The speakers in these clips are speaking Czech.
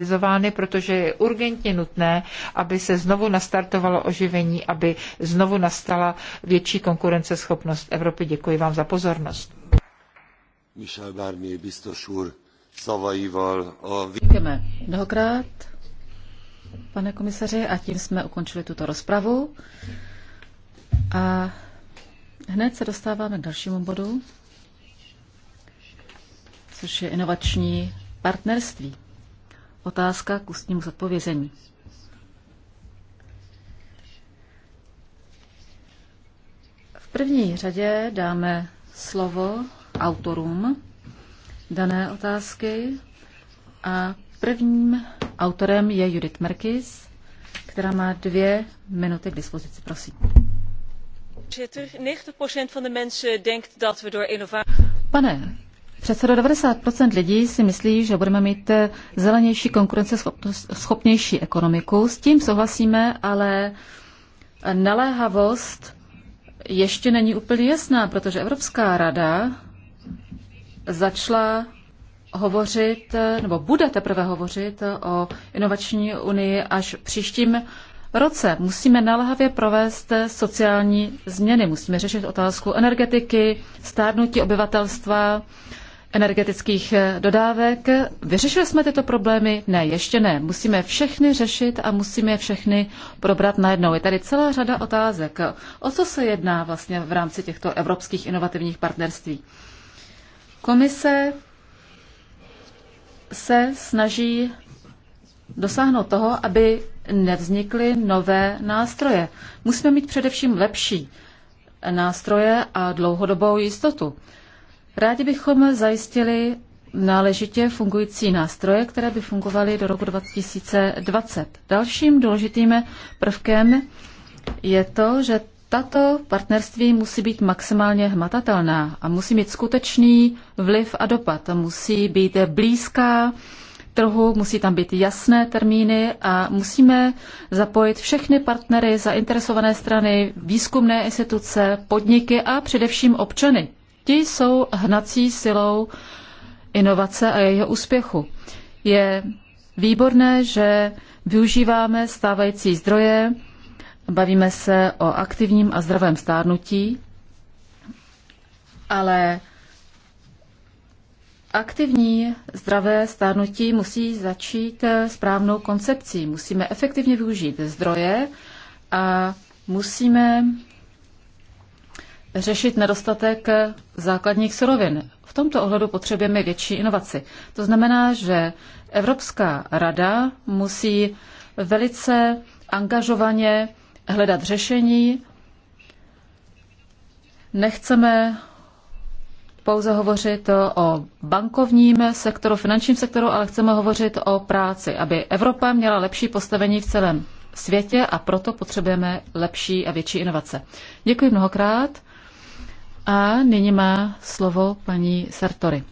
realizovány, protože je urgentně nutné, aby se znovu nastartovalo oživení, aby znovu nastala větší konkurenceschopnost Evropy. Děkuji vám za pozornost. Michel Barnier biztos úr a... Děkujeme mnohokrát, pane komisaři, a tím jsme ukončili tuto rozpravu. A hned se dostáváme k dalšímu bodu, což je inovační partnerství otázka k ústnímu zodpovězení. V první řadě dáme slovo autorům dané otázky a prvním autorem je Judith Merkis, která má dvě minuty k dispozici. Prosím. Er, Pane Předsedo, 90% lidí si myslí, že budeme mít eh, zelenější, konkurenceschopnější ekonomiku. S tím souhlasíme, ale naléhavost ještě není úplně jasná, protože Evropská rada začala hovořit, eh, nebo bude teprve hovořit eh, o inovační unii až příštím roce. Musíme naléhavě provést sociální změny. Musíme řešit otázku energetiky, stárnutí obyvatelstva, energetických eh, dodávek. Vyřešili jsme tyto problémy? Ne, ještě ne. Musíme všechny řešit a musíme je všechny probrat najednou. Je tady celá řada otázek. O co se jedná vlastně v rámci těchto evropských inovativních partnerství? Komise se snaží dosáhnout toho, aby nevznikly nové nástroje. Musíme mít především lepší nástroje a dlouhodobou jistotu. Rádi bychom zajistili náležitě fungující nástroje, které by fungovaly do roku 2020. Dalším důležitým prvkem je to, že tato partnerství musí být maximálně hmatatelná a musí mít skutečný vliv a dopad. Musí být blízká trhu, musí tam být jasné termíny a musíme zapojit všechny partnery, zainteresované strany, výzkumné instituce, podniky a především občany. Ti jsou hnací silou inovace a jejího úspěchu. Je výborné, že využíváme stávající zdroje, bavíme se o aktivním a zdravém stárnutí, ale aktivní zdravé stárnutí musí začít správnou koncepcí. Musíme efektivně využít zdroje a musíme řešit nedostatek základních surovin. V tomto ohledu potřebujeme větší inovaci. To znamená, že Evropská rada musí velice angažovaně hledat řešení. Nechceme pouze hovořit o bankovním sektoru, finančním sektoru, ale chceme hovořit o práci, aby Evropa měla lepší postavení v celém světě a proto potřebujeme lepší a větší inovace. Děkuji mnohokrát. A nyní má slovo paní Sartori.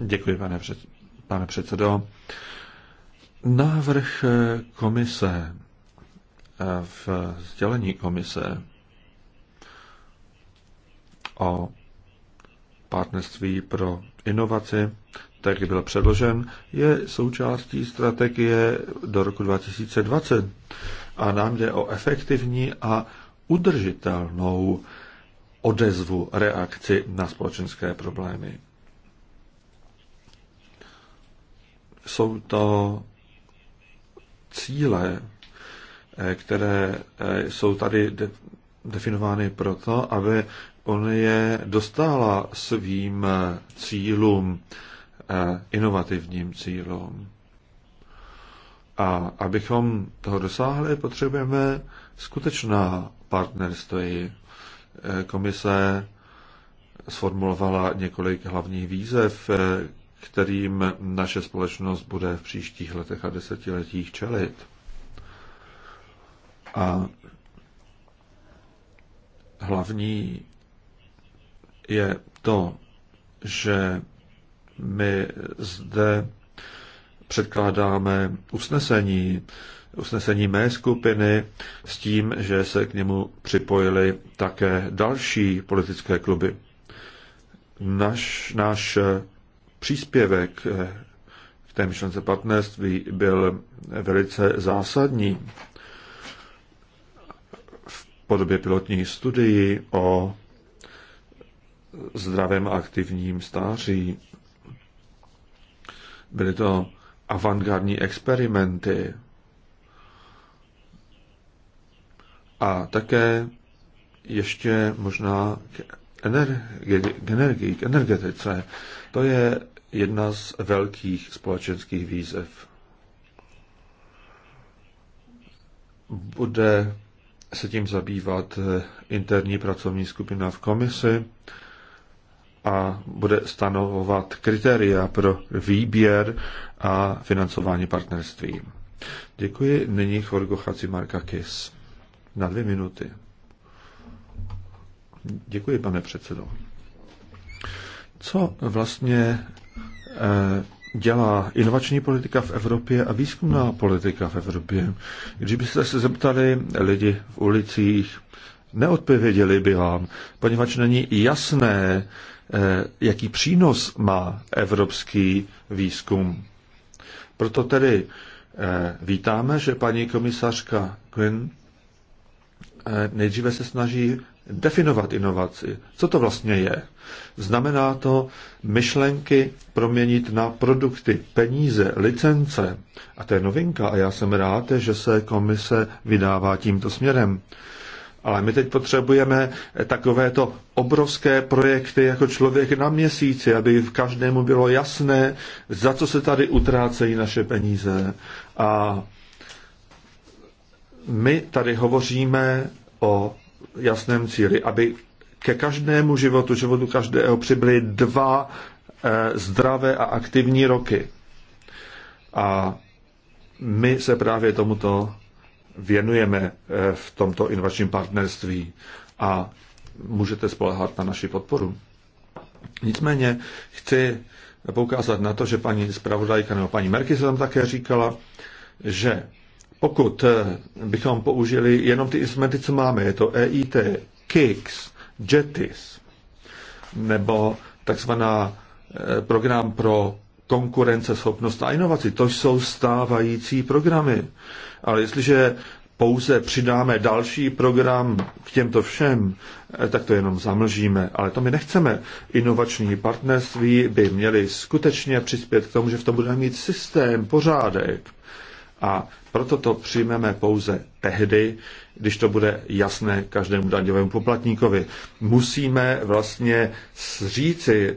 Děkuji, pane, před, pane předsedo. Návrh eh, komise eh, v sdělení komise o partnerství pro inovaci, tak byl předložen, je součástí strategie do roku 2020 a nám jde o efektivní a udržitelnou odezvu, reakci na společenské problémy. Jsou to cíle, eh, které eh, jsou tady de- definovány proto, aby on je dostala svým eh, cílům, inovativním cílům. A abychom toho dosáhli, potřebujeme skutečná partnerství. E, komise sformulovala několik hlavních výzev, e, kterým naše společnost bude v příštích letech a desetiletích čelit. A hlavní je to, že my zde předkládáme usnesení, usnesení mé skupiny s tím, že se k němu připojili také další politické kluby. Naš, náš příspěvek k té myšlence partnerství byl velice zásadní v podobě pilotní studii o zdravém a aktivním stáří. Byly to avantgardní experimenty a také ještě možná k, energi, k energii, k energetice. To je jedna z velkých společenských výzev. Bude se tím zabývat interní pracovní skupina v komisi a bude stanovovat kritéria pro výběr a financování partnerství. Děkuji. Nyní Chorgo Kis. Na dvě minuty. Děkuji, pane předsedo. Co vlastně eh, dělá inovační politika v Evropě a výzkumná politika v Evropě? Kdybyste se zeptali lidi v ulicích, neodpověděli by vám, poněvadž není jasné, Eh, jaký přínos má evropský výzkum. Proto tedy eh, vítáme, že paní komisařka Quinn eh, nejdříve se snaží definovat inovaci. Co to vlastně je? Znamená to myšlenky proměnit na produkty, peníze, licence. A to je novinka a já jsem rád, že se komise vydává tímto směrem. Ale my teď potřebujeme takovéto obrovské projekty jako člověk na měsíci, aby v každému bylo jasné, za co se tady utrácejí naše peníze. A my tady hovoříme o jasném cíli, aby ke každému životu, životu každého přibyly dva eh, zdravé a aktivní roky. A my se právě tomuto věnujeme eh, v tomto inovačním partnerství a můžete spolehat na naši podporu. Nicméně chci poukázat na to, že paní zpravodajka nebo paní Merky se tam také říkala, že pokud eh, bychom použili jenom ty instrumenty, co máme, je to EIT, KICS, JETIS, nebo takzvaná eh, program pro konkurenceschopnost a inovaci. To jsou stávající programy. Ale jestliže pouze přidáme další program k těmto všem, eh, tak to jenom zamlžíme. Ale to my nechceme. Inovační partnerství by měly skutečně přispět k tomu, že v tom budeme mít systém, pořádek. A proto to přijmeme pouze tehdy, když to bude jasné každému daňovému poplatníkovi. Musíme vlastně zříci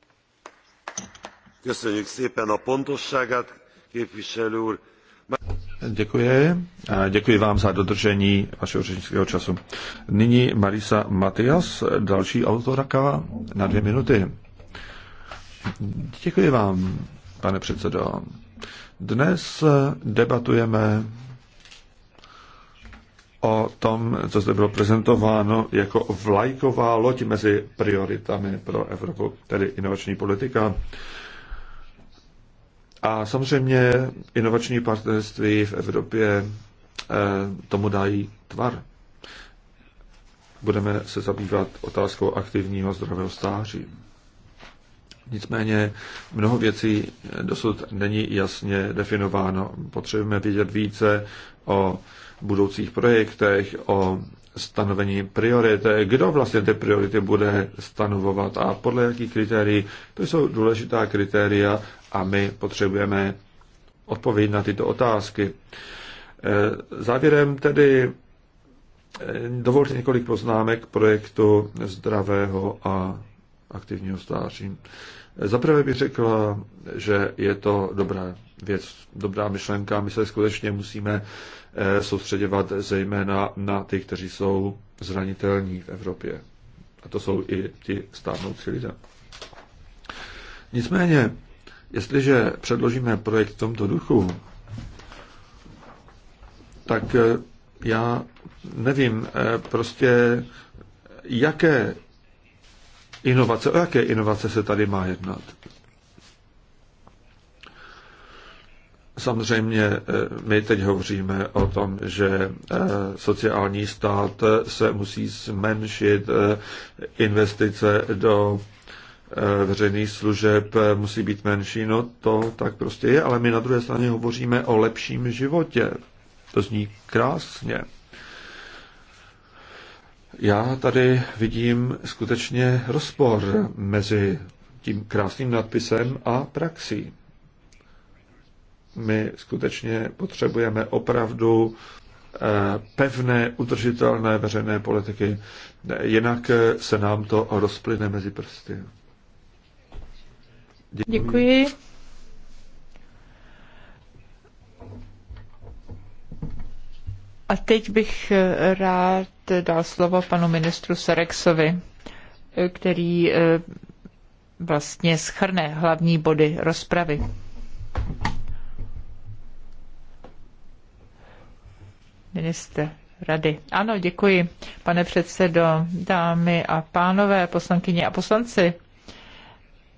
Děkuji. Děkuji vám za dodržení vašeho řečnického času. Nyní Marisa Matias, další autorka na dvě minuty. Děkuji vám, pane předsedo. Dnes debatujeme o tom, co zde bylo prezentováno jako vlajková loď mezi prioritami pro Evropu, tedy inovační politika. A samozřejmě inovační partnerství v Evropě eh, tomu dají tvar. Budeme se zabývat otázkou aktivního zdravého stáří. Nicméně mnoho věcí dosud není jasně definováno. Potřebujeme vědět více o budoucích projektech, o stanovení priorit, kdo vlastně ty priority bude stanovovat a podle jakých kritérií. To jsou důležitá kritéria a my potřebujeme odpověď na tyto otázky. E, závěrem tedy e, dovolte několik poznámek k projektu zdravého a aktivního stáří. Zaprvé bych řekla, že je to dobrá věc, dobrá myšlenka. My se skutečně musíme e, soustředěvat zejména na ty, kteří jsou zranitelní v Evropě. A to jsou i ti stárnoucí lidé. Nicméně Jestliže předložíme projekt v tomto duchu, tak eh, já nevím eh, prostě, jaké inovace, o jaké inovace se tady má jednat. Samozřejmě eh, my teď hovoříme o tom, že sociální stát se musí zmenšit investice do Eh, veřejných služeb eh, musí být menší, no to tak prostě je, ale my na druhé straně hovoříme o lepším životě. To zní krásně. Já tady vidím skutečně rozpor mezi tím krásným nadpisem a praxí. My skutečně potřebujeme opravdu eh, pevné, udržitelné veřejné politiky. Jinak se nám to rozplyne mezi prsty. Děkuji. Děkuji. A teď bych eh, rád dal slovo panu ministru Sereksovi, eh, který eh, vlastně schrne hlavní body rozpravy. Minister rady. Ano, děkuji, pane předsedo, dámy a pánové, poslankyně a poslanci.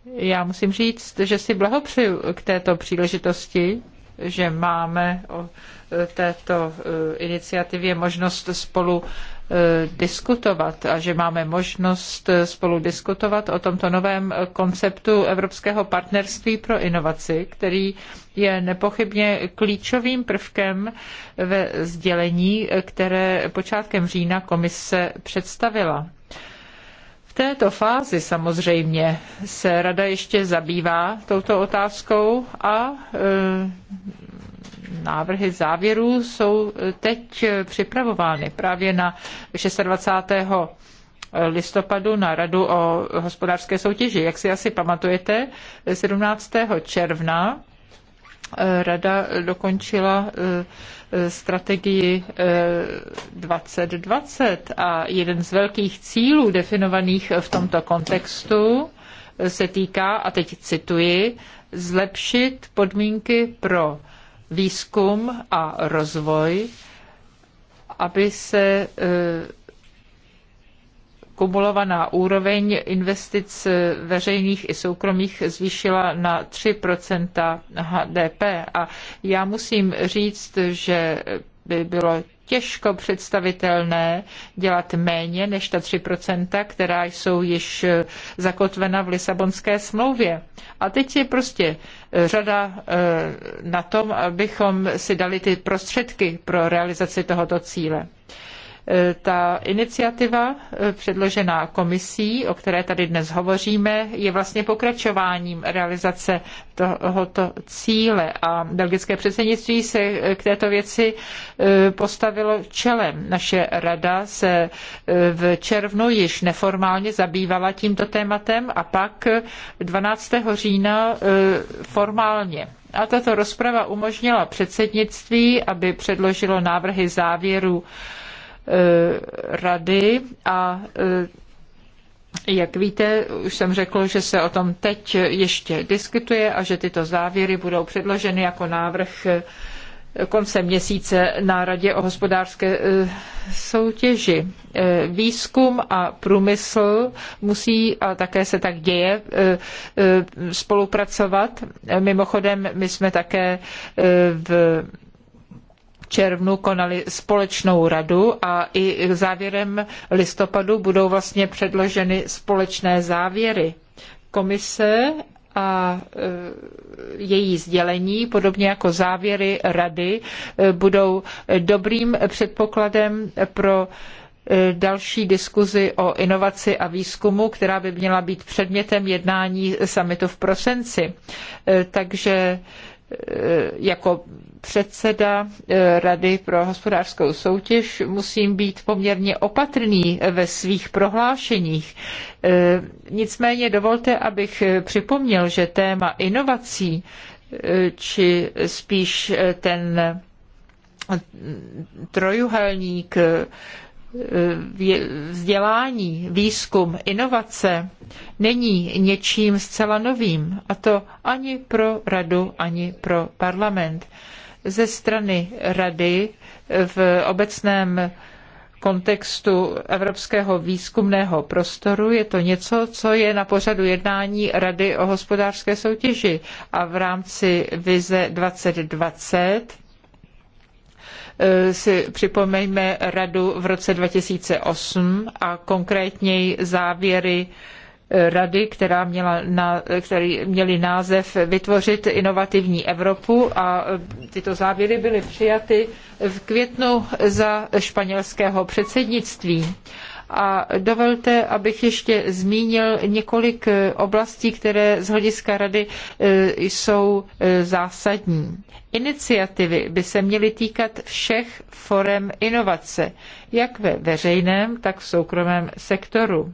Já musím říct, že si blahopřeju k této příležitosti, že máme o e, této e, iniciativě možnost spolu e, diskutovat a že máme možnost spolu diskutovat o tomto novém konceptu Evropského partnerství pro inovaci, který je nepochybně klíčovým prvkem ve sdělení, které počátkem října komise představila této fázi samozřejmě se rada ještě zabývá touto otázkou a e, návrhy závěrů jsou teď připravovány právě na 26 listopadu na Radu o hospodářské soutěži. Jak si asi pamatujete, 17. června Rada dokončila eh, eh, strategii 2020 eh, a jeden z velkých cílů definovaných v tomto kontextu se týká, a teď cituji, zlepšit podmínky pro výzkum a rozvoj, aby se kumulovaná úroveň investic veřejných i soukromých zvýšila na 3 HDP. A já musím říct, že by bylo těžko představitelné dělat méně než ta 3%, která jsou již zakotvena v Lisabonské smlouvě. A teď je prostě eh, řada eh, na tom, abychom si dali ty prostředky pro realizaci tohoto cíle. E, ta iniciativa e, předložená komisí, o které tady dnes hovoříme, je vlastně pokračováním realizace tohoto cíle a belgické předsednictví se e, k této věci postavilo čelem. Naše rada se v červnu již neformálně zabývala tímto tématem a pak 12. října formálně a tato rozprava umožnila předsednictví, aby předložilo návrhy závěrů Eh, rady a eh, jak víte, už jsem řekl, že se o tom teď ještě diskutuje a že tyto závěry budou předloženy jako návrh eh, konce měsíce na Radě o hospodářské soutěži. Výzkum a průmysl musí, a také se tak děje, spolupracovat. Mimochodem, my jsme také v červnu konali společnou radu a i závěrem listopadu budou vlastně předloženy společné závěry komise a e, její sdělení, podobně jako závěry rady, e, budou dobrým předpokladem pro e, další diskuzi o inovaci a výzkumu, která by měla být předmětem jednání summitu v prosinci. Takže jako předseda eh, Rady pro hospodářskou soutěž, musím být poměrně opatrný ve svých prohlášeních. Eh, nicméně dovolte, abych eh, připomněl, že téma inovací, či spíš ten trojuhelník vzdělání, výzkum, inovace není něčím zcela novým, a to ani pro radu, ani pro parlament ze strany Rady v obecném kontextu evropského výzkumného prostoru je to něco, co je na pořadu jednání Rady o hospodářské soutěži a v rámci vize 2020 eh, si připomeňme radu v roce 2008 a konkrétněji závěry rady, která měla na, který měli název Vytvořit inovativní Evropu a tyto závěry byly přijaty v květnu za španělského předsednictví. A dovolte, abych ještě zmínil několik oblastí, které z hlediska rady e, jsou e, zásadní. Iniciativy by se měly týkat všech forem inovace, jak ve veřejném, tak v soukromém sektoru.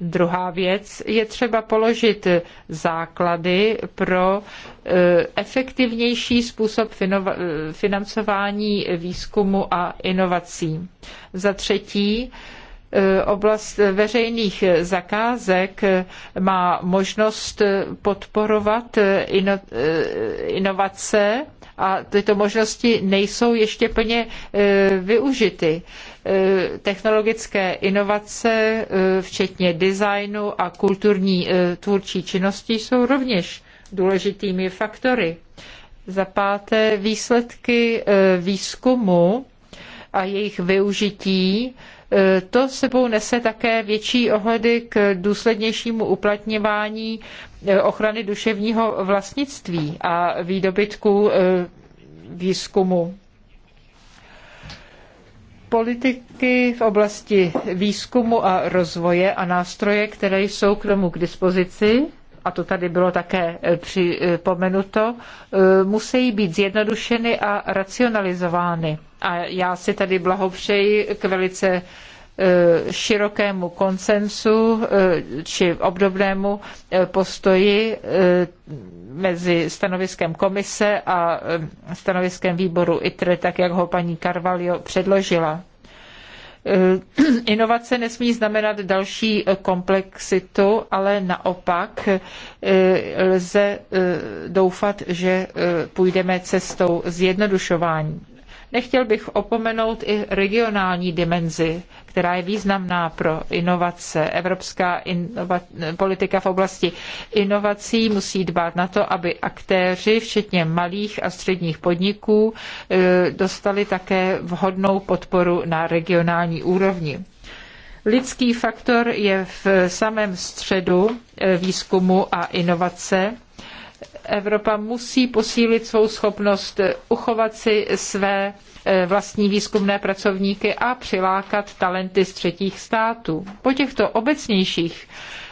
Druhá věc je třeba položit základy pro e, efektivnější způsob e, financování výzkumu a inovací. Za třetí, e, oblast veřejných zakázek má možnost podporovat inovace a tyto možnosti nejsou ještě plně e, využity. E, technologické inovace, e, včetně designu a kulturní tvůrčí činnosti, jsou rovněž důležitými faktory. Za páté, výsledky výzkumu a jejich využití E, to sebou nese také větší ohledy k důslednějšímu uplatňování e, ochrany duševního vlastnictví a výdobytku e, výzkumu politiky v oblasti výzkumu a rozvoje a nástroje, které jsou k tomu k dispozici, a to tady bylo také připomenuto, musí být zjednodušeny a racionalizovány. A já si tady blahopřeji k velice e, širokému konsensu e, či obdobnému e, postoji mezi stanoviskem komise a stanoviskem výboru ITRE, tak jak ho paní Carvalho předložila. Inovace nesmí znamenat další komplexitu, ale naopak lze doufat, že půjdeme cestou zjednodušování. Nechtěl bych opomenout i regionální dimenzi, která je významná pro inovace. Evropská inova... politika v oblasti inovací musí dbát na to, aby aktéři, včetně malých a středních podniků, e, dostali také vhodnou podporu na regionální úrovni. Lidský faktor je v samém středu e, výzkumu a inovace Evropa musí posílit svou schopnost uchovat si své eh, vlastní výzkumné pracovníky a přilákat talenty z třetích států. Po těchto obecnějších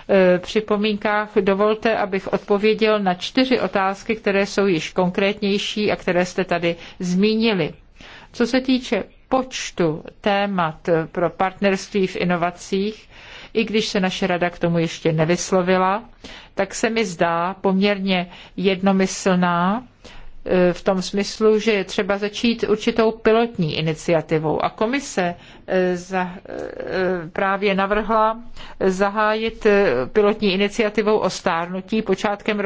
eh, připomínkách dovolte, abych odpověděl na čtyři otázky, které jsou již konkrétnější a které jste tady zmínili. Co se týče počtu témat pro partnerství v inovacích, i když se naše rada k tomu ještě nevyslovila, tak se mi zdá poměrně jednomyslná v tom smyslu, že je třeba začít určitou pilotní iniciativou. A komise eh, za, eh, právě navrhla zahájit eh, pilotní iniciativou o stárnutí počátkem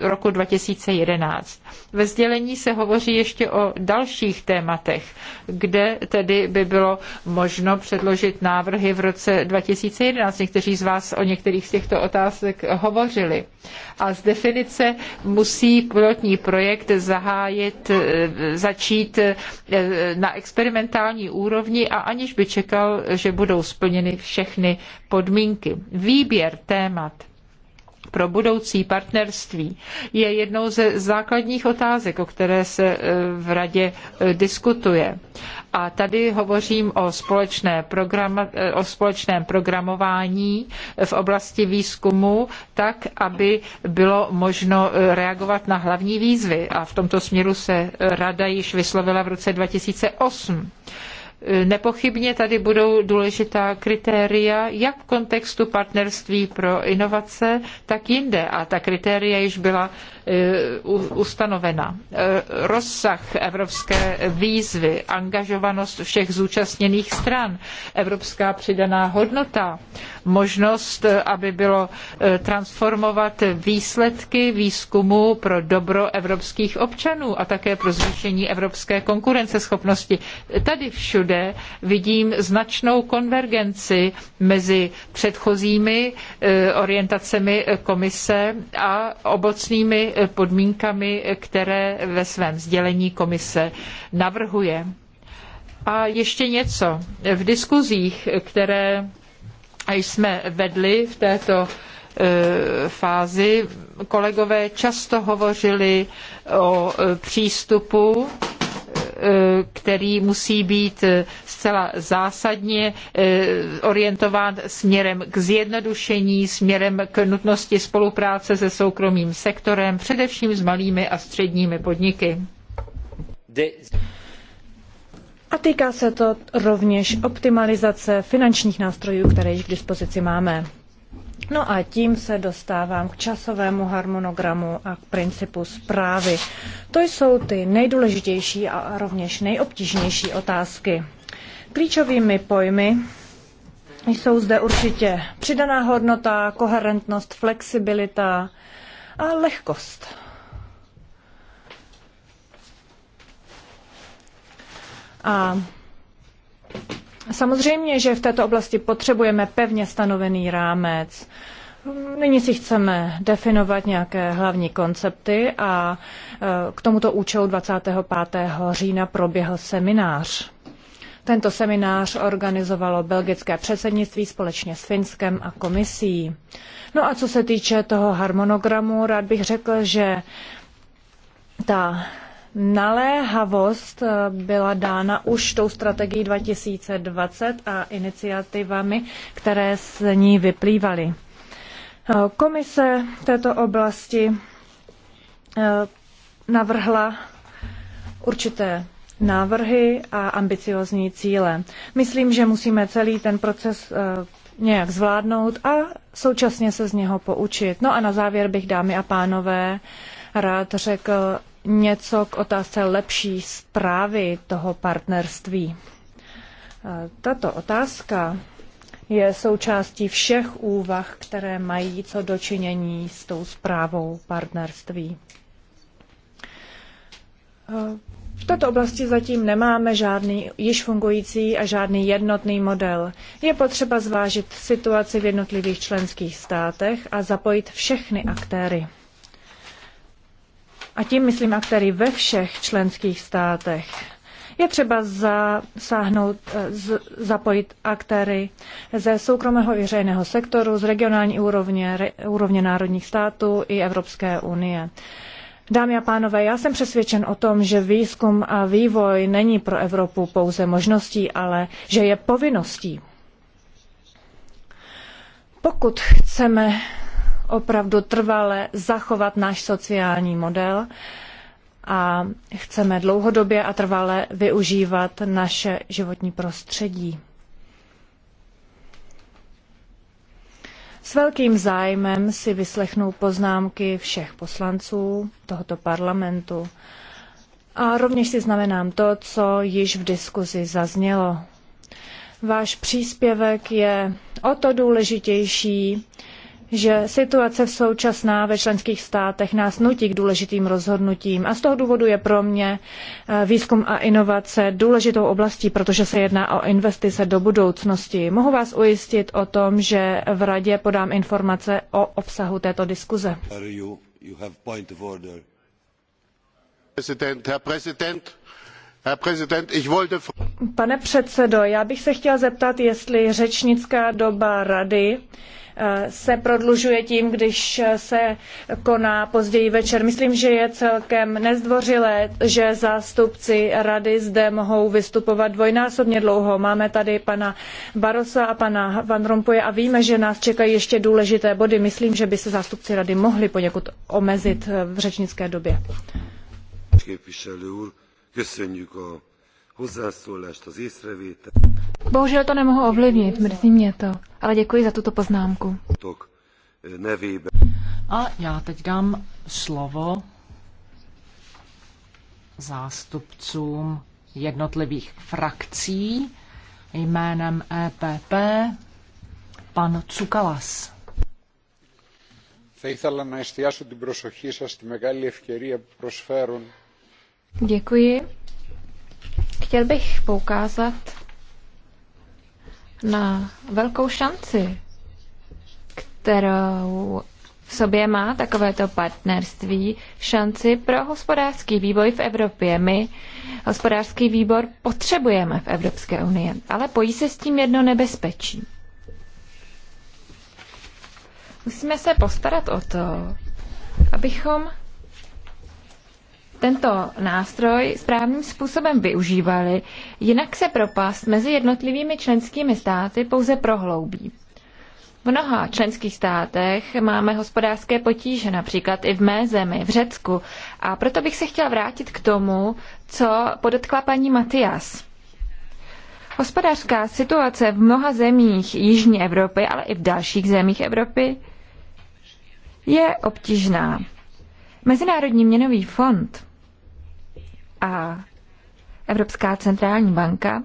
roku 2011. Ve sdělení se hovoří ještě o dalších tématech, kde tedy by bylo možno předložit návrhy v roce 2011. Někteří z vás o některých z těchto otázek hovořili. A z definice musí pilotní projekt zahájit, e, začít e, na experimentální úrovni a aniž by čekal, že budou splněny všechny podmínky. Výběr témat pro budoucí partnerství je jednou ze základních otázek, o které se e, v radě e, diskutuje. A tady hovořím o, společné programa, e, o společném programování v oblasti výzkumu, tak, aby bylo možno reagovat na hlavní výzvy. A v tomto směru se rada již vyslovila v roce 2008. Nepochybně tady budou důležitá kritéria, jak v kontextu partnerství pro inovace, tak jinde. A ta kritéria již byla ustanovena. E, rozsah evropské výzvy, angažovanost všech zúčastněných stran, evropská přidaná hodnota, možnost, e, aby bylo e, transformovat výsledky výzkumu pro dobro evropských občanů a také pro zvýšení evropské konkurenceschopnosti. Tady všude vidím značnou konvergenci mezi předchozími orientacemi komise a obocnými podmínkami, které ve svém sdělení komise navrhuje. A ještě něco. V diskuzích, které jsme vedli v této e, fázi, kolegové často hovořili o e, přístupu který musí být zcela zásadně eh, orientován směrem k zjednodušení, směrem k nutnosti spolupráce se soukromým sektorem, především s malými a středními podniky. A týká se to rovněž optimalizace finančních nástrojů, které již k dispozici máme. No a tím se dostávám k časovému harmonogramu a k principu zprávy. To jsou ty nejdůležitější a rovněž nejobtížnější otázky. Klíčovými pojmy jsou zde určitě přidaná hodnota, koherentnost, flexibilita a lehkost. A Samozřejmě, že v této oblasti potřebujeme pevně stanovený rámec. Nyní si chceme definovat nějaké hlavní koncepty a e, k tomuto účelu 25. října proběhl seminář. Tento seminář organizovalo belgické předsednictví společně s Finskem a komisí. No a co se týče toho harmonogramu, rád bych řekl, že ta Naléhavost eh, byla dána už tou strategií 2020 a iniciativami, které z ní vyplývaly. Eh, komise této oblasti eh, navrhla určité návrhy a ambiciozní cíle. Myslím, že musíme celý ten proces nějak zvládnout a současně se z něho poučit. No a na závěr bych, dámy a pánové, rád řekl něco k otázce lepší zprávy toho partnerství. Tato otázka je součástí všech úvah, které mají co dočinění s tou zprávou partnerství. V této oblasti zatím nemáme žádný již fungující a žádný jednotný model. Je potřeba zvážit situaci v jednotlivých členských státech a zapojit všechny aktéry a tím myslím aktéry ve všech členských státech. Je třeba zasáhnout, eh, zapojit aktéry ze soukromého i veřejného sektoru, z regionální úrovně, re, úrovně národních států i Evropské unie. Dámy a pánové, já jsem přesvědčen o tom, že výzkum a vývoj není pro Evropu pouze možností, ale že je povinností. Pokud chceme opravdu trvale zachovat náš sociální model a chceme dlouhodobě a trvale využívat naše životní prostředí. S velkým zájmem si vyslechnu poznámky všech poslanců tohoto parlamentu a rovněž si znamenám to, co již v diskuzi zaznělo. Váš příspěvek je o to důležitější, že situace v současná ve členských státech nás nutí k důležitým rozhodnutím a z toho důvodu je pro mě eh, výzkum a inovace důležitou oblastí, protože se jedná o investice do budoucnosti. Mohu vás ujistit o tom, že v radě podám informace o obsahu této diskuze. Pane předsedo, já bych se chtěl zeptat, jestli řečnická doba rady se prodlužuje tím, když se koná později večer. Myslím, že je celkem nezdvořilé, že zástupci rady zde mohou vystupovat dvojnásobně dlouho. Máme tady pana Barosa a pana Van Rompuye a víme, že nás čekají ještě důležité body. Myslím, že by se zástupci rady mohli poněkud omezit v řečnické době. köszönjük a Bohužel to nemohu ovlivnit, mrzí mě to, ale děkuji za tuto poznámku. Eh, A já teď dám slovo zástupcům jednotlivých frakcí jménem EPP pan Cukalas. Děkuji. Chtěl bych poukázat na velkou šanci, kterou v sobě má takovéto partnerství šanci pro hospodářský vývoj v Evropě. My hospodářský výbor potřebujeme v Evropské unii, ale pojí se s tím jedno nebezpečí. Musíme se postarat o to, abychom tento nástroj správným způsobem využívali, jinak se propast mezi jednotlivými členskými státy pouze prohloubí. V mnoha členských státech máme hospodářské potíže, například i v mé zemi, v Řecku. A proto bych se chtěla vrátit k tomu, co podotkla paní Matias. Hospodářská situace v mnoha zemích Jižní Evropy, ale i v dalších zemích Evropy je obtížná. Mezinárodní měnový fond a Evropská centrální banka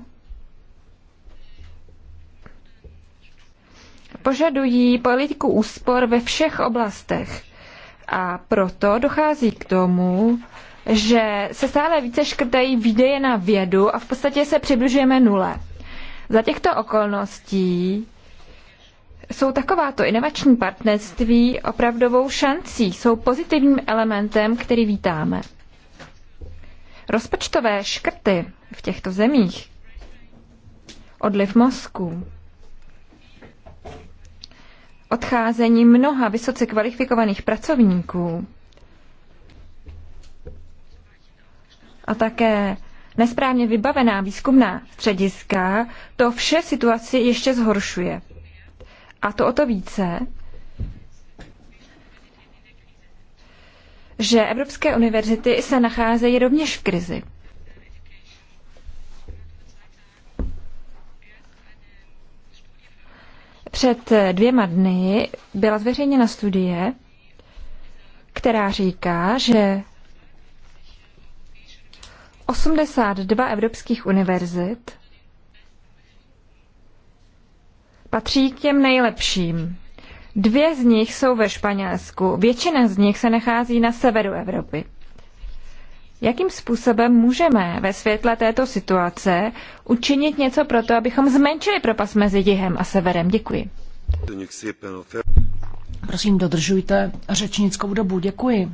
požadují politiku úspor ve všech oblastech. A proto dochází k tomu, že se stále více škrtají výdeje na vědu a v podstatě se přibližujeme nule. Za těchto okolností jsou takováto inovační partnerství opravdovou šancí, jsou pozitivním elementem, který vítáme. Rozpočtové škrty v těchto zemích, odliv mozků, odcházení mnoha vysoce kvalifikovaných pracovníků a také nesprávně vybavená výzkumná střediska, to vše situaci ještě zhoršuje. A to o to více, že evropské univerzity se nacházejí rovněž v krizi. Před dvěma dny byla zveřejněna studie, která říká, že 82 evropských univerzit patří k těm nejlepším. Dvě z nich jsou ve Španělsku, většina z nich se nachází na severu Evropy. Jakým způsobem můžeme ve světle této situace učinit něco pro to, abychom zmenšili propast mezi jihem a severem? Děkuji. Prosím, dodržujte řečnickou dobu. Děkuji.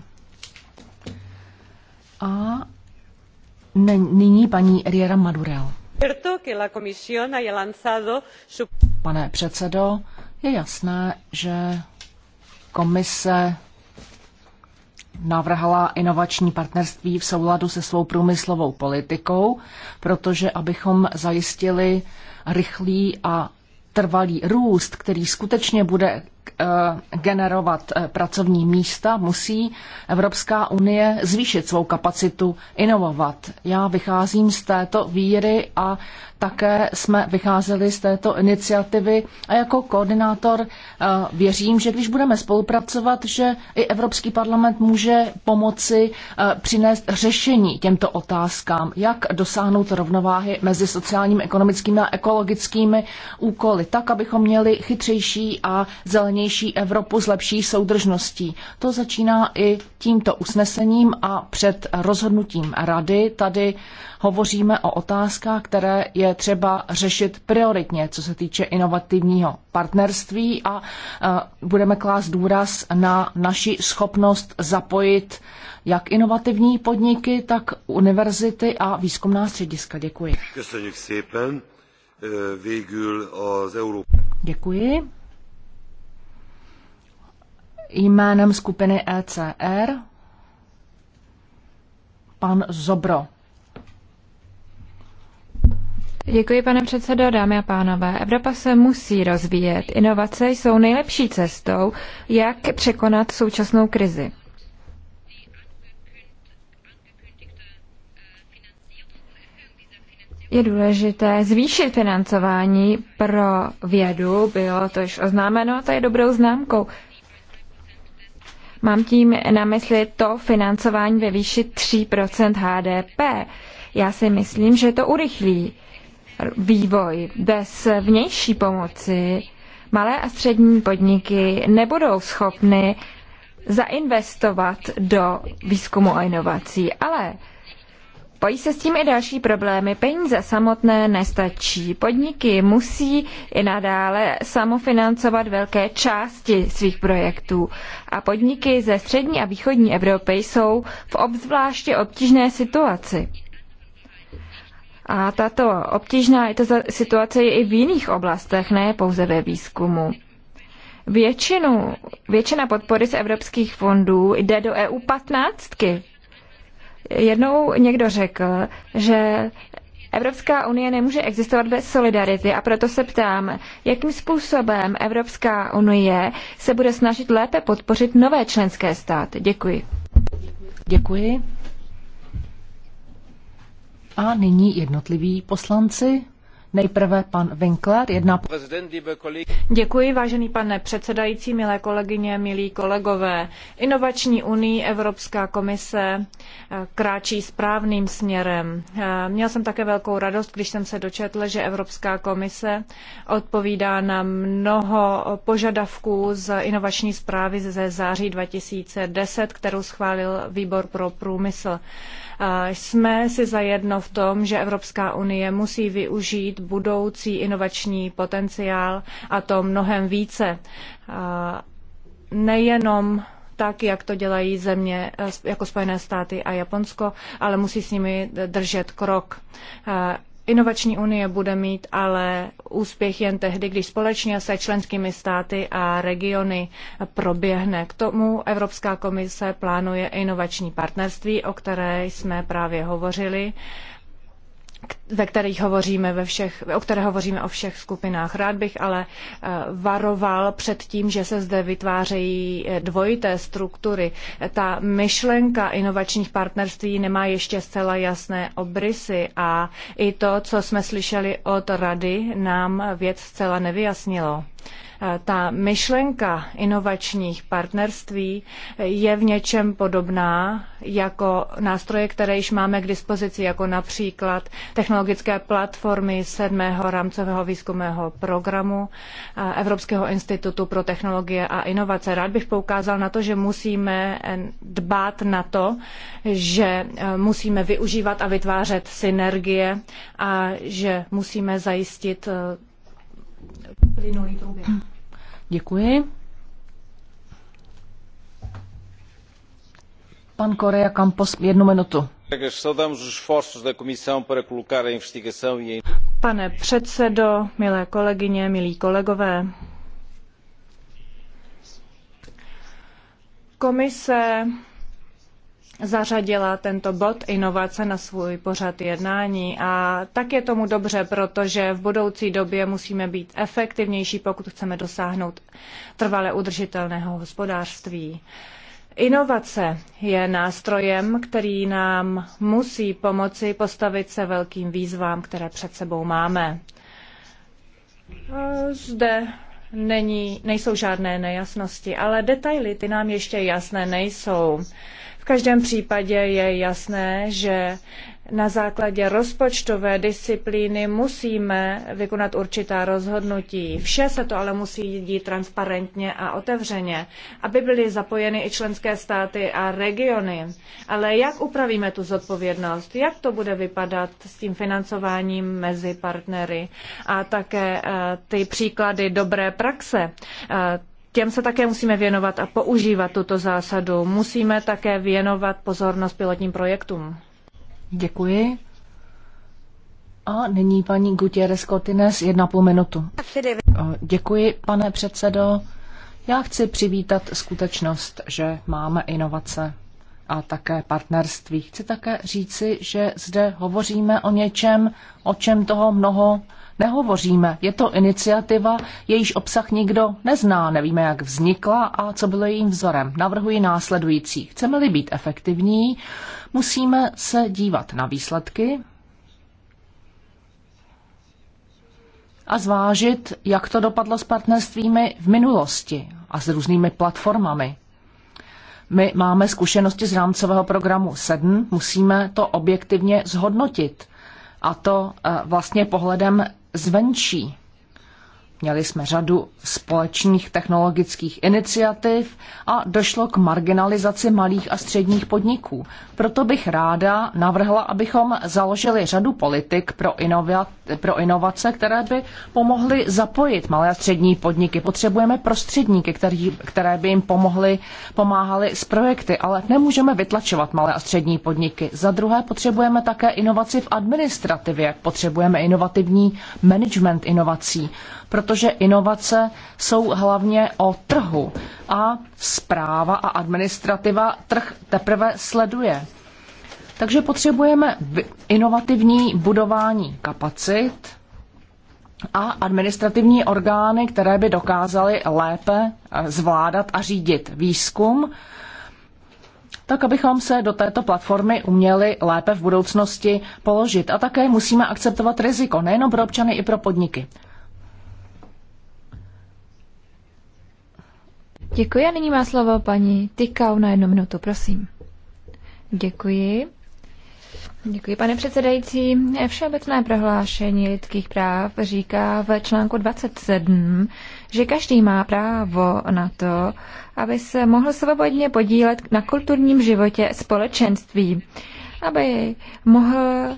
A nyní paní Riera Madurel. Pane předsedo, je jasné, že komise navrhla inovační partnerství v souladu se svou průmyslovou politikou, protože abychom zajistili rychlý a trvalý růst, který skutečně bude Eh, generovat eh, pracovní místa, musí Evropská unie zvýšit svou kapacitu inovovat. Já vycházím z této víry a také jsme vycházeli z této iniciativy a jako koordinátor eh, věřím, že když budeme spolupracovat, že i Evropský parlament může pomoci přinést řešení těmto otázkám, jak dosáhnout rovnováhy mezi sociálními, ekonomickými a ekologickými úkoly, tak, abychom měli chytřejší a zelenější silnější Evropu s lepší soudržností. To začíná i tímto usnesením a před rozhodnutím rady tady hovoříme o otázkách, které je třeba řešit prioritně, co se týče inovativního partnerství a e, budeme klást důraz na naši schopnost zapojit jak inovativní podniky, tak univerzity a výzkumná střediska. Děkuji. E, Děkuji jménem skupiny ECR pan Zobro. Děkuji, pane předsedo, dámy a pánové. Evropa se musí rozvíjet. Inovace jsou nejlepší cestou, jak překonat současnou krizi. Je důležité zvýšit financování pro vědu, bylo to již oznámeno, to je dobrou známkou. Mám tím na mysli to financování ve výši 3 HDP. Já si myslím, že to urychlí vývoj. Bez vnější pomoci malé a střední podniky nebudou schopny zainvestovat do výzkumu a inovací, ale Pojí se s tím i další problémy. Peníze samotné nestačí. Podniky musí i nadále samofinancovat velké části svých projektů. A podniky ze střední a východní Evropy jsou v obzvláště obtížné situaci. A tato obtížná je to situace je i v jiných oblastech, ne pouze ve výzkumu. Většinu, většina podpory z evropských fondů jde do EU patnáctky Jednou někdo řekl, že Evropská unie nemůže existovat bez solidarity a proto se ptám, jakým způsobem Evropská unie se bude snažit lépe podpořit nové členské státy. Děkuji. Děkuji. A nyní jednotliví poslanci. Nejprve pan Winkler, jedna... Děkuji, vážený pane předsedající, milé kolegyně, milí kolegové. Inovační unii Evropská komise eh, kráčí správným směrem. Eh, měl jsem také velkou radost, když jsem se dočetl, že Evropská komise odpovídá na mnoho požadavků z inovační zprávy ze září 2010, kterou schválil výbor pro průmysl. Jsme si zajedno v tom, že Evropská unie musí využít budoucí inovační potenciál a to mnohem více. Nejenom tak, jak to dělají země e, jako Spojené státy a Japonsko, ale musí s nimi držet krok. Inovační unie bude mít ale úspěch jen tehdy, když společně se členskými státy a regiony proběhne. K tomu Evropská komise plánuje inovační partnerství, o které jsme právě hovořili ve kterých hovoříme ve všech, o které hovoříme o všech skupinách. Rád bych ale eh, varoval před tím, že se zde vytvářejí eh, dvojité struktury. Ta myšlenka inovačních partnerství nemá ještě zcela jasné obrysy a i to, co jsme slyšeli od rady, nám věc zcela nevyjasnilo. Eh, ta myšlenka inovačních partnerství je v něčem podobná jako nástroje, které již máme k dispozici, jako například technologické platformy sedmého rámcového výzkumného programu eh, Evropského institutu pro technologie a inovace. Rád bych poukázal na to, že musíme eh, dbát na to, že musíme využívat a vytvářet synergie a že musíme zajistit plynulý průběh. Děkuji. Pan Korea Campos, jednu minutu. E Pane předsedo, milé kolegyně, milí kolegové. Komise zařadila tento bod inovace na svůj pořad jednání. A tak je tomu dobře, protože v budoucí době musíme být efektivnější, pokud chceme dosáhnout trvale udržitelného hospodářství. Inovace je nástrojem, který nám musí pomoci postavit se velkým výzvám, které před sebou máme. Zde není, nejsou žádné nejasnosti, ale detaily ty nám ještě jasné nejsou každém případě je jasné, že na základě rozpočtové disciplíny musíme vykonat určitá rozhodnutí. Vše se to ale musí dít transparentně a otevřeně, aby byly zapojeny i členské státy a regiony. Ale jak upravíme tu zodpovědnost? Jak to bude vypadat s tím financováním mezi partnery? A také eh, ty příklady dobré praxe eh, těm se také musíme věnovat a používat tuto zásadu. Musíme také věnovat pozornost pilotním projektům. Děkuji. A nyní paní Gutierrez Cotines, jedna půl minutu. Děkuji, pane předsedo. Já chci přivítat skutečnost, že máme inovace a také partnerství. Chci také říci, že zde hovoříme o něčem, o čem toho mnoho nehovoříme. Je to iniciativa, jejíž obsah nikdo nezná, nevíme, jak vznikla a co bylo jejím vzorem. Navrhuji následující. Chceme-li být efektivní, musíme se dívat na výsledky a zvážit, jak to dopadlo s partnerstvími v minulosti a s různými platformami. My máme zkušenosti z rámcového programu 7, musíme to objektivně zhodnotit. A to eh, vlastně pohledem zvenčí. Měli jsme řadu společných technologických iniciativ a došlo k marginalizaci malých a středních podniků. Proto bych ráda navrhla, abychom založili řadu politik pro, inova, pro inovace, které by pomohly zapojit malé a střední podniky. Potřebujeme prostředníky, který, které by jim pomohly, pomáhaly s projekty, ale nemůžeme vytlačovat malé a střední podniky. Za druhé potřebujeme také inovaci v administrativě, potřebujeme inovativní management inovací. Proto protože inovace jsou hlavně o trhu a zpráva a administrativa trh teprve sleduje. Takže potřebujeme inovativní budování kapacit a administrativní orgány, které by dokázaly lépe eh, zvládat a řídit výzkum, tak abychom se do této platformy uměli lépe v budoucnosti položit. A také musíme akceptovat riziko, nejenom pro občany, i pro podniky. Děkuji a nyní má slovo paní Tykau na jednu minutu, prosím. Děkuji. Děkuji, pane předsedající. Všeobecné prohlášení lidských práv říká v článku 27, že každý má právo na to, aby se mohl svobodně podílet na kulturním životě společenství, aby mohl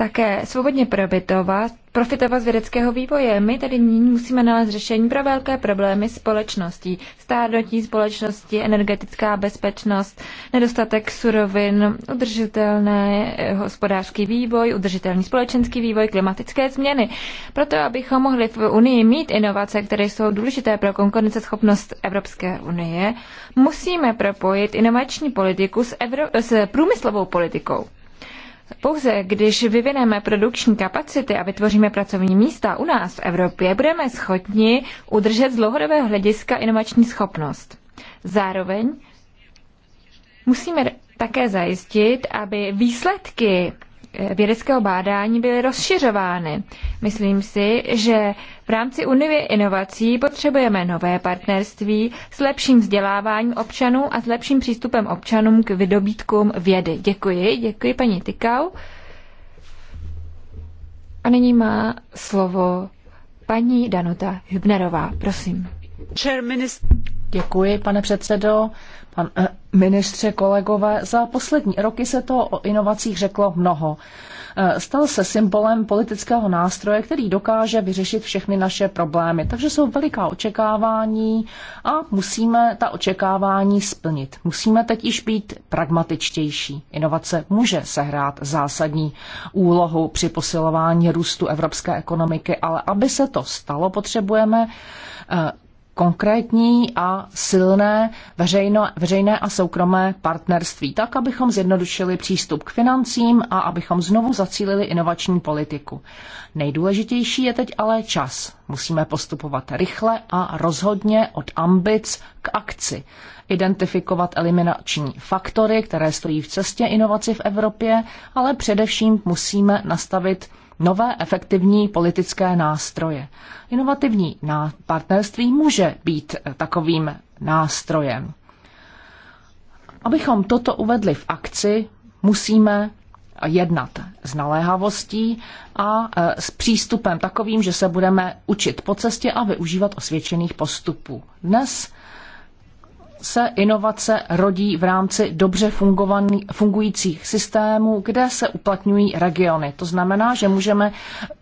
také svobodně probitovat, profitovat z vědeckého vývoje. My tedy nyní musíme nalézt řešení pro velké problémy společností. Stárnutí společnosti, energetická bezpečnost, nedostatek surovin, udržitelný eh, hospodářský vývoj, udržitelný společenský vývoj, klimatické změny. Proto, abychom mohli v Unii mít inovace, které jsou důležité pro konkurenceschopnost Evropské unie, musíme propojit inovační politiku s, Evro- s průmyslovou politikou. Pouze když vyvineme produkční kapacity a vytvoříme pracovní místa u nás v Evropě, budeme schopni udržet z dlouhodobého hlediska inovační schopnost. Zároveň musíme také zajistit, aby výsledky eh, vědeckého bádání byly rozšiřovány. Myslím si, že v rámci Unie inovací potřebujeme nové partnerství s lepším vzděláváním občanů a s lepším přístupem občanům k vydobítkům vědy. Děkuji, děkuji paní Tykau. A nyní má slovo paní Danuta Hübnerová. Prosím. Děkuji, pane předsedo, pan eh, ministře, kolegové. Za poslední roky se to o inovacích řeklo mnoho. Eh, stal se symbolem politického nástroje, který dokáže vyřešit všechny naše problémy. Takže jsou veliká očekávání a musíme ta očekávání splnit. Musíme teď již být pragmatičtější. Inovace může sehrát zásadní úlohu při posilování růstu evropské ekonomiky, ale aby se to stalo, potřebujeme eh, konkrétní a silné veřejno, veřejné a soukromé partnerství, tak abychom zjednodušili přístup k financím a abychom znovu zacílili inovační politiku. Nejdůležitější je teď ale čas. Musíme postupovat rychle a rozhodně od ambic k akci. Identifikovat eliminační faktory, které stojí v cestě inovaci v Evropě, ale především musíme nastavit nové efektivní politické nástroje. Inovativní partnerství může být eh, takovým nástrojem. Abychom toto uvedli v akci, musíme jednat s naléhavostí a eh, s přístupem takovým, že se budeme učit po cestě a využívat osvědčených postupů. Dnes se inovace rodí v rámci dobře fungujících systémů, kde se uplatňují regiony. To znamená, že můžeme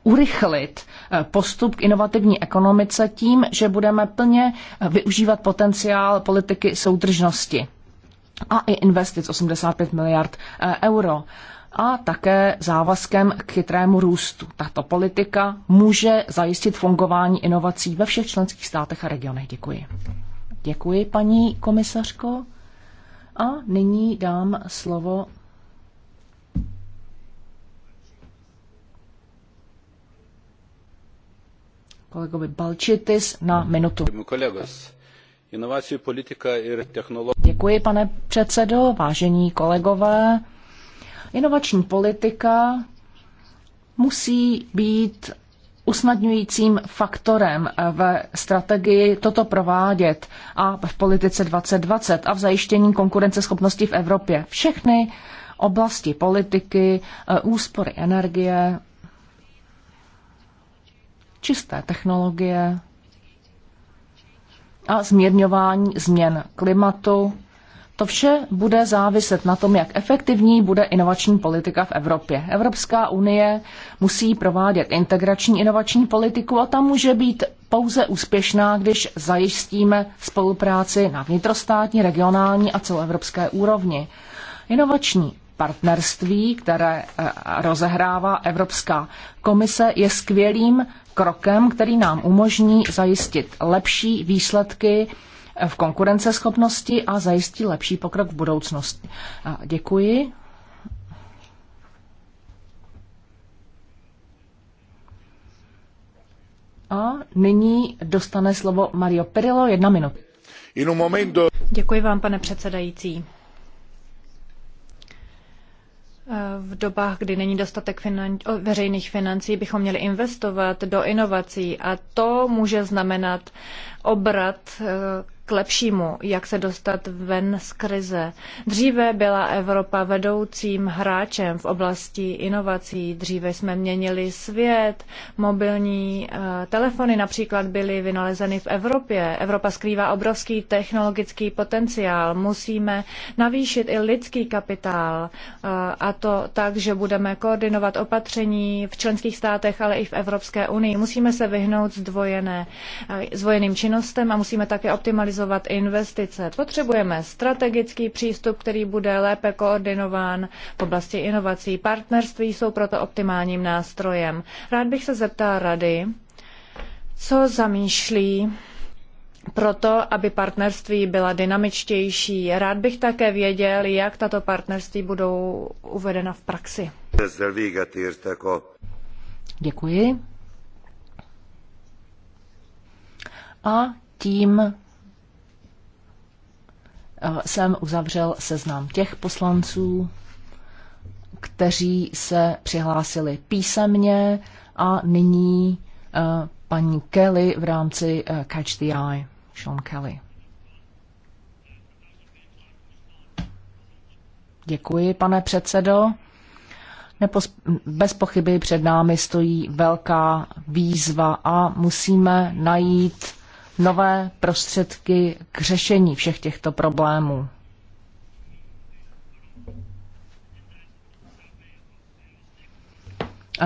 urychlit eh, postup k inovativní ekonomice tím, že budeme plně eh, využívat potenciál politiky soudržnosti a i investic 85 miliard eh, euro a také závazkem k chytrému růstu. Tato politika může zajistit fungování inovací ve všech členských státech a regionech. Děkuji. Děkuji, paní komisařko. A nyní dám slovo kolegovi Balčitis na minutu. Děkuji, pane předsedo, vážení kolegové. Inovační politika musí být usnadňujícím faktorem ve strategii toto provádět a v politice 2020 a v zajištění konkurenceschopnosti v Evropě. Všechny oblasti politiky, e, úspory energie, čisté technologie a změrňování změn klimatu, to vše bude záviset na tom, jak efektivní bude inovační politika v Evropě. Evropská unie musí provádět integrační inovační politiku a ta může být pouze úspěšná, když zajistíme spolupráci na vnitrostátní, regionální a celoevropské úrovni. Inovační partnerství, které eh, rozehrává Evropská komise, je skvělým krokem, který nám umožní zajistit lepší výsledky v konkurenceschopnosti a zajistí lepší pokrok v budoucnosti. Děkuji. A nyní dostane slovo Mario Perillo, jedna minuta. Děkuji vám, pane předsedající. V dobách, kdy není dostatek finan... veřejných financí, bychom měli investovat do inovací a to může znamenat obrat eh, k lepšímu, jak se dostat ven z krize. Dříve byla Evropa vedoucím hráčem v oblasti inovací, dříve jsme měnili svět, mobilní eh, telefony například byly vynalezeny v Evropě. Evropa skrývá obrovský technologický potenciál. Musíme navýšit i lidský kapitál eh, a to tak, že budeme koordinovat opatření v členských státech, ale i v Evropské unii. Musíme se vyhnout zdvojené, eh, zdvojeným činnostem a musíme také optimalizovat realizovat investice. Potřebujeme strategický přístup, který bude lépe koordinován v oblasti inovací. Partnerství jsou proto optimálním nástrojem. Rád bych se zeptal rady, co zamýšlí proto, aby partnerství byla dynamičtější. Rád bych také věděl, jak tato partnerství budou uvedena v praxi. Děkuji. A tím Eh, jsem uzavřel seznam těch poslanců, kteří se přihlásili písemně a nyní eh, paní Kelly v rámci eh, Catch the Eye, Sean Kelly. Děkuji, pane předsedo. Nepos- bez pochyby před námi stojí velká výzva a musíme najít nové prostředky k řešení všech těchto problémů.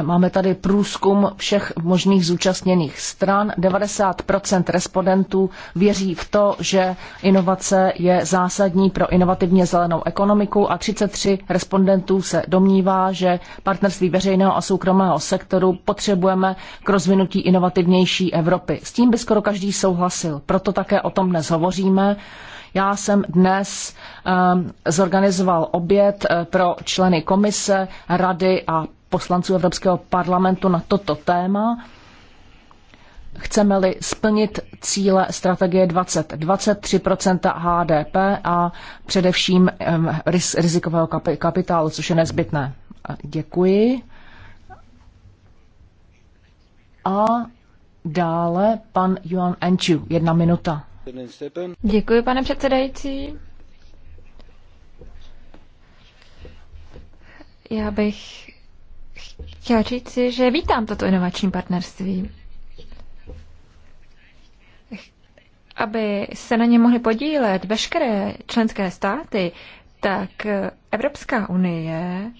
Máme tady průzkum všech možných zúčastněných stran. 90 respondentů věří v to, že inovace je zásadní pro inovativně zelenou ekonomiku a 33 respondentů se domnívá, že partnerství veřejného a soukromého sektoru potřebujeme k rozvinutí inovativnější Evropy. S tím by skoro každý souhlasil, proto také o tom dnes hovoříme. Já jsem dnes um, zorganizoval oběd eh, pro členy komise, rady a poslanců Evropského parlamentu na toto téma. Chceme-li splnit cíle strategie 20, 23% HDP a především riz, rizikového kapitálu, což je nezbytné. Děkuji. A dále pan Juan Enchu, jedna minuta. Děkuji, pane předsedající. Já bych chtěla si, že vítám toto inovační partnerství. Aby se na ně mohly podílet veškeré členské státy, tak Evropská unie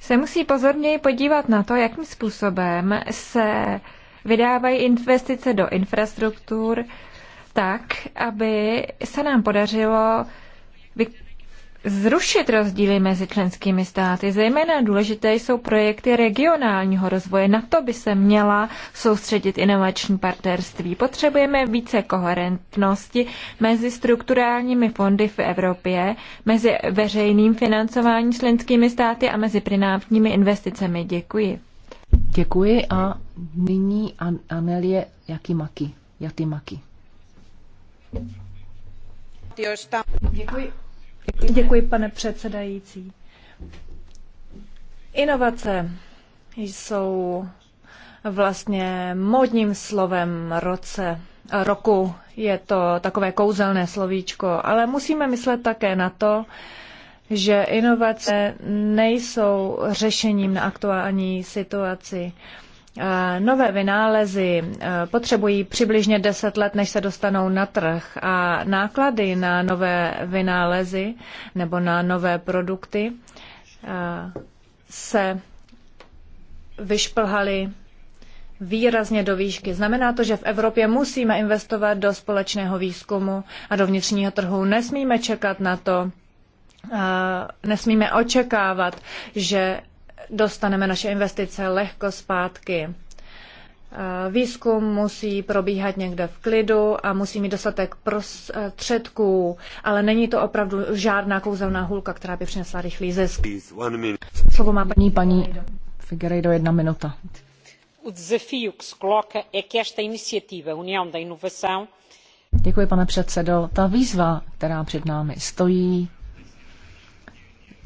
se musí pozorněji podívat na to, jakým způsobem se vydávají investice do infrastruktur tak, aby se nám podařilo zrušit rozdíly mezi členskými státy. Zejména důležité jsou projekty regionálního rozvoje. Na to by se měla soustředit inovační partnerství. Potřebujeme více koherentnosti mezi strukturálními fondy v Evropě, mezi veřejným financováním členskými státy a mezi primárními investicemi. Děkuji. Děkuji a nyní An- Anelie Jakimaki. Jatimaki. Děkuji. Děkuji, pane předsedající. Inovace jsou vlastně módním slovem roce, roku. Je to takové kouzelné slovíčko, ale musíme myslet také na to, že inovace nejsou řešením na aktuální situaci. Eh, nové vynálezy eh, potřebují přibližně 10 let, než se dostanou na trh a náklady na nové vynálezy nebo na nové produkty eh, se vyšplhaly výrazně do výšky. Znamená to, že v Evropě musíme investovat do společného výzkumu a do vnitřního trhu. Nesmíme čekat na to, nesmíme očekávat, že dostaneme naše investice lehko zpátky. Výzkum musí probíhat někde v klidu a musí mít dostatek prostředků, ale není to opravdu žádná kouzelná hůlka, která by přinesla rychlý zisk. Slovo má paní paní Figueiredo, jedna minuta. Děkuji, pane předsedo. Ta výzva, která před námi stojí,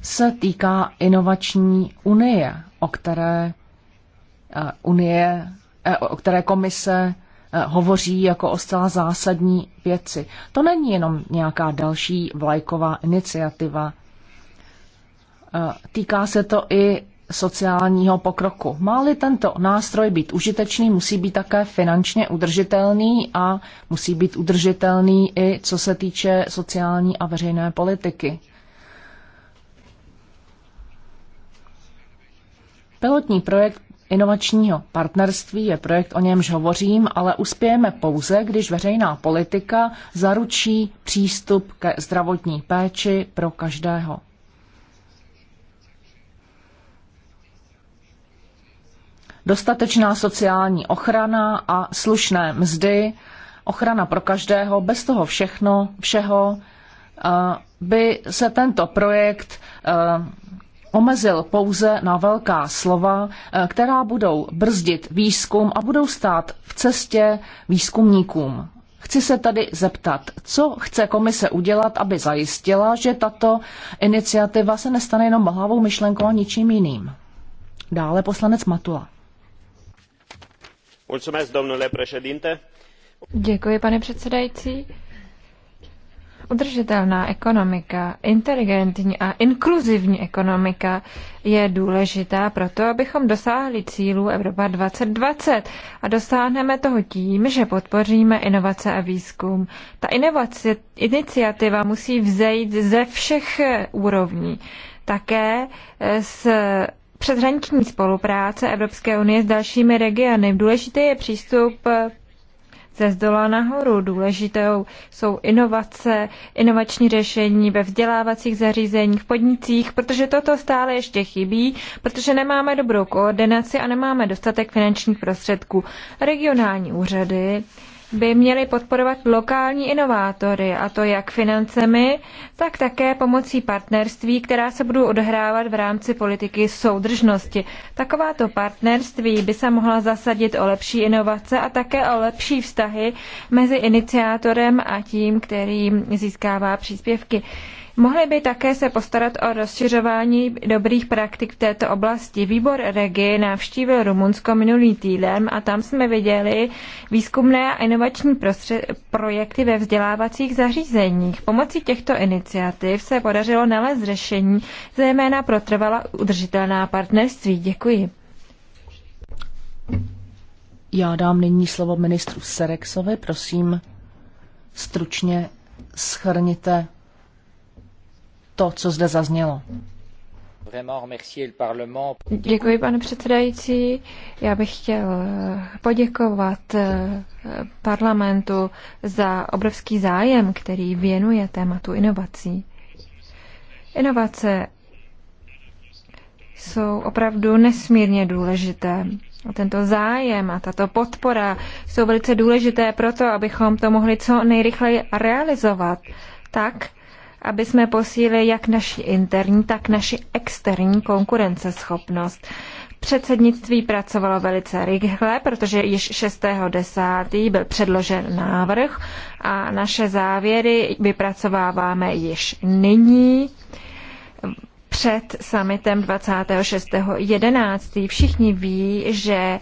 se týká inovační unie, o které eh, unie, eh, o které komise eh, hovoří jako o zcela zásadní věci. To není jenom nějaká další vlajková iniciativa. Týká se to i sociálního pokroku. Má-li tento nástroj být užitečný, musí být také finančně udržitelný a musí být udržitelný i co se týče sociální a veřejné politiky. Pilotní projekt inovačního partnerství je projekt, o němž hovořím, ale uspějeme pouze, když veřejná politika zaručí přístup ke zdravotní péči pro každého. Dostatečná sociální ochrana a slušné mzdy, ochrana pro každého, bez toho všechno, všeho, eh, by se tento projekt eh, omezil pouze na velká slova, eh, která budou brzdit výzkum a budou stát v cestě výzkumníkům. Chci se tady zeptat, co chce komise udělat, aby zajistila, že tato iniciativa se nestane jenom hlavou myšlenkou a ničím jiným. Dále poslanec Matula. Děkuji, pane předsedající. Udržitelná ekonomika, inteligentní a inkluzivní ekonomika je důležitá pro to, abychom dosáhli cílů Evropa 2020 a dosáhneme toho tím, že podpoříme inovace a výzkum. Ta inovace, iniciativa musí vzejít ze všech úrovní, také s eh, přeshraniční spolupráce Evropské unie s dalšími regiony. Důležitý je přístup eh, ze zdola nahoru. Důležitou jsou inovace, inovační řešení ve vzdělávacích zařízeních, v podnicích, protože toto stále ještě chybí, protože nemáme dobrou koordinaci a nemáme dostatek finančních prostředků. Regionální úřady by měly podporovat lokální inovátory, a to jak financemi, tak také pomocí partnerství, která se budou odhrávat v rámci politiky soudržnosti. Takováto partnerství by se mohla zasadit o lepší inovace a také o lepší vztahy mezi iniciátorem a tím, který získává příspěvky. Mohli by také se postarat o rozšiřování dobrých praktik v této oblasti. Výbor Regi navštívil Rumunsko minulý týden a tam jsme viděli výzkumné a inovační projekty ve vzdělávacích zařízeních. Pomocí těchto iniciativ se podařilo nalézt řešení, zejména pro trvala udržitelná partnerství. Děkuji. Já dám nyní slovo ministru Serexovi. Prosím, stručně schrnite to, co zde zaznělo. Děkuji, pane předsedající. Já bych chtěl eh, poděkovat eh, parlamentu za obrovský zájem, který věnuje tématu inovací. Inovace jsou opravdu nesmírně důležité. A tento zájem a tato podpora jsou velice důležité proto, abychom to mohli co nejrychleji realizovat tak, aby jsme posílili jak naši interní, tak naši externí konkurenceschopnost. Předsednictví pracovalo velice rychle, protože již 6.10. byl předložen návrh a naše závěry vypracováváme již nyní před summitem 26.11. Všichni ví, že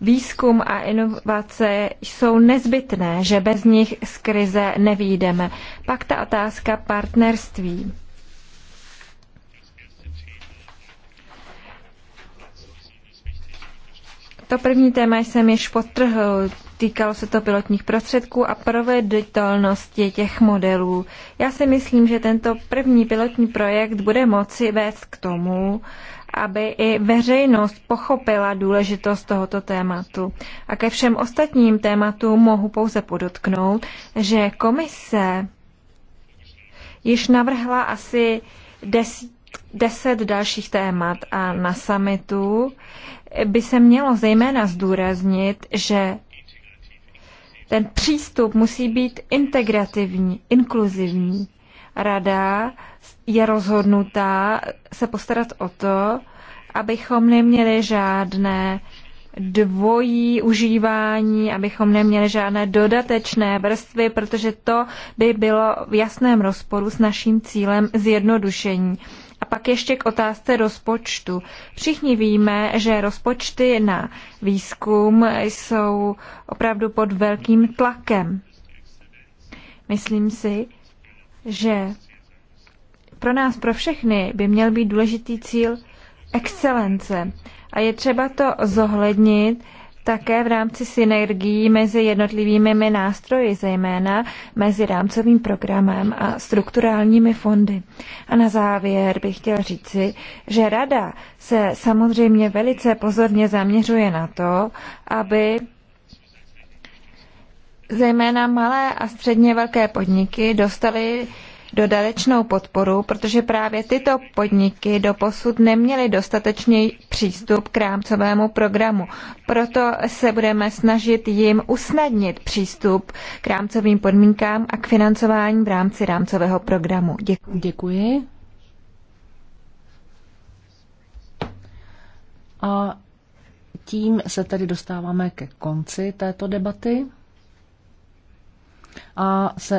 výzkum a inovace jsou nezbytné, že bez nich z krize nevýjdeme. Pak ta otázka partnerství. To první téma jsem již potrhl. Týkalo se to pilotních prostředků a proveditelnosti těch modelů. Já si myslím, že tento první pilotní projekt bude moci vést k tomu, aby i veřejnost pochopila důležitost tohoto tématu. A ke všem ostatním tématům mohu pouze podotknout, že komise již navrhla asi des, deset dalších témat a na summitu by se mělo zejména zdůraznit, že ten přístup musí být integrativní, inkluzivní. Rada je rozhodnutá se postarat o to, abychom neměli žádné dvojí užívání, abychom neměli žádné dodatečné vrstvy, protože to by bylo v jasném rozporu s naším cílem zjednodušení. A pak ještě k otázce rozpočtu. Všichni víme, že rozpočty na výzkum jsou opravdu pod velkým tlakem. Myslím si, že pro nás, pro všechny, by měl být důležitý cíl excelence. A je třeba to zohlednit také v rámci synergií mezi jednotlivými nástroji, zejména mezi rámcovým programem a strukturálními fondy. A na závěr bych chtěl říci, že Rada se samozřejmě velice pozorně zaměřuje na to, aby zejména malé a středně velké podniky dostaly dodatečnou podporu, protože právě tyto podniky doposud neměly dostatečný přístup k rámcovému programu. Proto se budeme snažit jim usnadnit přístup k rámcovým podmínkám a k financování v rámci rámcového programu. Děkuji. Děkuji. A tím se tedy dostáváme ke konci této debaty a se